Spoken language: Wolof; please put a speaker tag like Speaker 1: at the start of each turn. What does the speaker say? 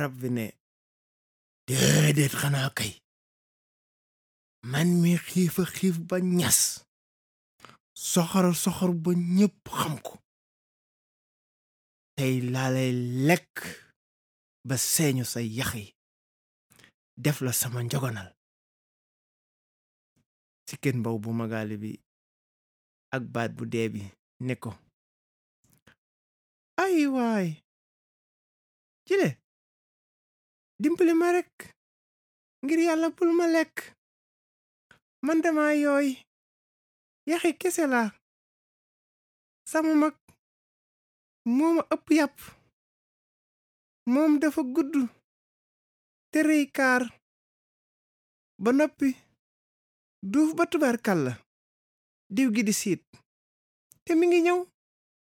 Speaker 1: rab bi ne déedéet xanaa kay man mi xiifa xiif ba ñas soxor soxor ba ñépp xam ko tey laa lekk
Speaker 2: ba seeñu sa yax yi def la sama njogonal si kenn bu magaale bi ak baat bu dee bi ne
Speaker 3: ko
Speaker 4: ay waay jile dimbali ma rekk ngir yàlla bul ma lekk man dama yooy yaxi kese laa sama mag moo ëpp yàpp moom dafa gudd te rëy kaar ba noppi duuf ba tubaarkàlla diw gi di siit te mi ngi ñëw